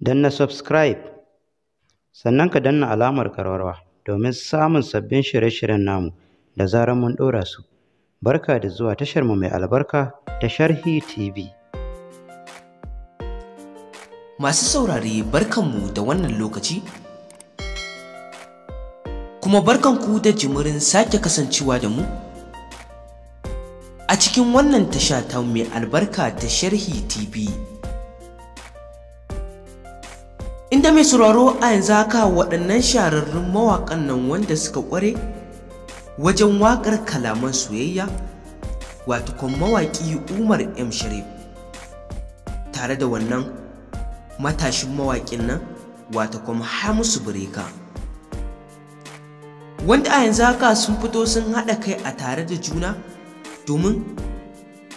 na subscribe sannan ka danna alamar karwarwa domin samun sabbin shirye-shiryen namu da zarar mun ɗora su. Barka da zuwa tashar mu mai albarka ta Sharhi TV. Masu saurare barkanmu da wannan lokaci, kuma barkanku da jimirin sake kasancewa da mu. A cikin wannan tasha ta mai albarka ta Sharhi TV. inda mai sauraro a yanzu haka waɗannan shahararrun mawaƙan nan wanda suka ƙware wajen waƙar kalaman soyayya wato kwan mawaƙi umar m sharif tare da wannan matashin mawaƙin nan wato kwan hamisu bireka wanda a yanzu haka sun fito sun haɗa kai a tare da juna domin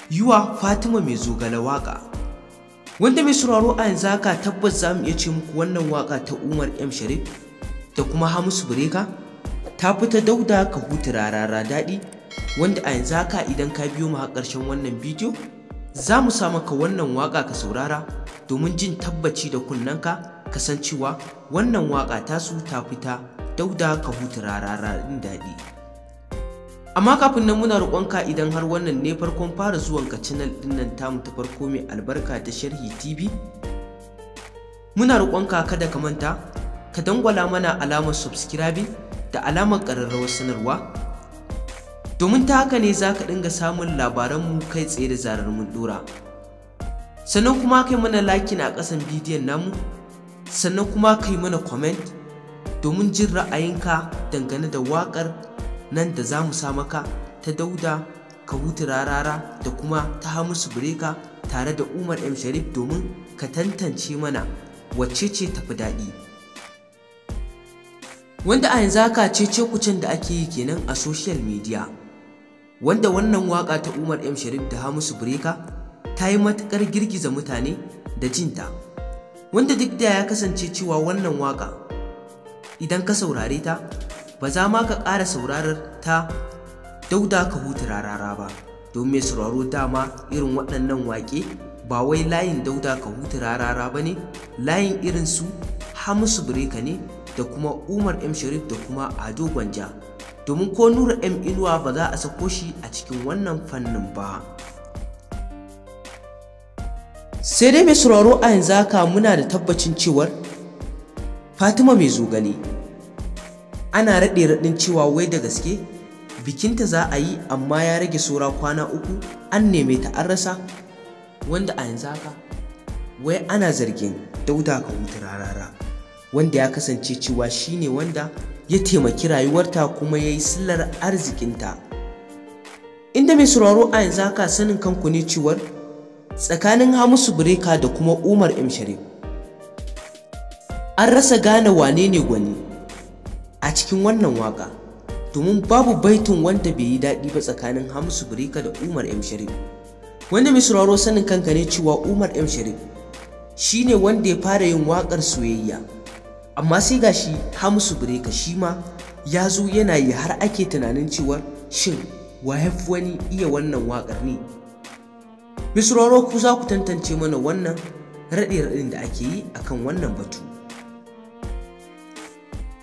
yiwa fatima mai zogale waƙa wanda mai sauraro a yanzu haka tabbas za mu iya ce muku wannan waka ta umar m sharif da kuma hamisu bureka ta fita dauda ka huta rarara daɗi wanda a yanzu haka idan ka biyo mu har ƙarshen wannan bidiyo za mu sa maka wannan waka ka saurara domin jin tabbaci da kunnen kunnanka cewa wannan waka tasu ta fita dauda ka huta rarara daɗi amma kafin nan muna roƙonka idan har wannan ne farkon fara zuwan ka channel din nan tamu ta farko mai albarka ta sharhi tv muna roƙonka kada ka manta ka dangwala mana alamar subscribing da alamar ƙararrawar sanarwa domin ta haka ne za ka dinga samun labaranmu kai tsaye da zarar mun dora sannan kuma kai mana lakin a ƙasan bidiyon namu sannan kuma kai mana comment domin jin ra'ayinka dangane da waƙar nan da za mu sa maka ta dauda kahutu rarara da kuma ta hamisu bireka tare da umar m sharif domin ka tantance mana wacce ce tafi daɗi wanda a yanzu haka cece kucin da ake yi kenan a social media wanda wannan waka ta umar m sharif da hamisu bireka ta yi matuƙar girgiza mutane da jinta wanda duk da ya kasance cewa wannan waka idan ka saurare ta ba za ma ka ƙara saurarar ta dauda ka huta rarara ba don mai sauraro dama irin waɗannan waƙe ba wai layin dauda ka huta rarara ba ne layin irin su hamisu bireka ne da kuma umar m sharif da kuma ado gwanja domin ko nura m inuwa ba za a sako shi a cikin wannan fannin ba sai dai mai sauraro a yanzu haka muna da tabbacin cewar fatima mai zogale ana raɗe raɗin cewa wai da gaske bikinta za a yi amma ya rage saura kwana uku an neme ta an rasa wanda a yanzu haka wai ana zargin dauda ka wuta rarara wanda ya kasance cewa shine wanda ya taimaki rayuwarta kuma ya yi sillar arzikinta inda mai sauraro a yanzu haka sanin kanku ne cewar tsakanin hamisu Bureka da kuma umar m an rasa gane wane ne gwani cikin wannan waka domin babu baitin wanda bai yi daɗi ba tsakanin hamsu Birika da Umar M Sharif wanda mai sauraro sanin kanka ne cewa Umar M Sharif shine wanda ya fara yin wakar soyayya amma sai ga shi hamsu Birika shi ma ya zo yana yi har ake tunanin cewa shin wa wani iya wannan wakar ne mai sauraro ku za ku tantance mana wannan raɗe-raɗin da ake yi akan wannan batu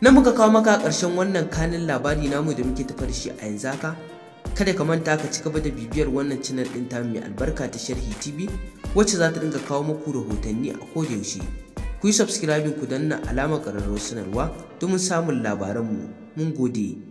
na muka kawo maka ƙarshen wannan kanin labari namu da muke tafar shi a yanzu haka kada ka manta ka ci gaba da bibiyar wannan channel ɗin ta mai albarka ta sharhi tv wacce za ta dinga kawo muku rahotanni a kodayaushe ku yi subscribing ku danna alamar ƙararrawar sanarwa domin samun labaranmu mun gode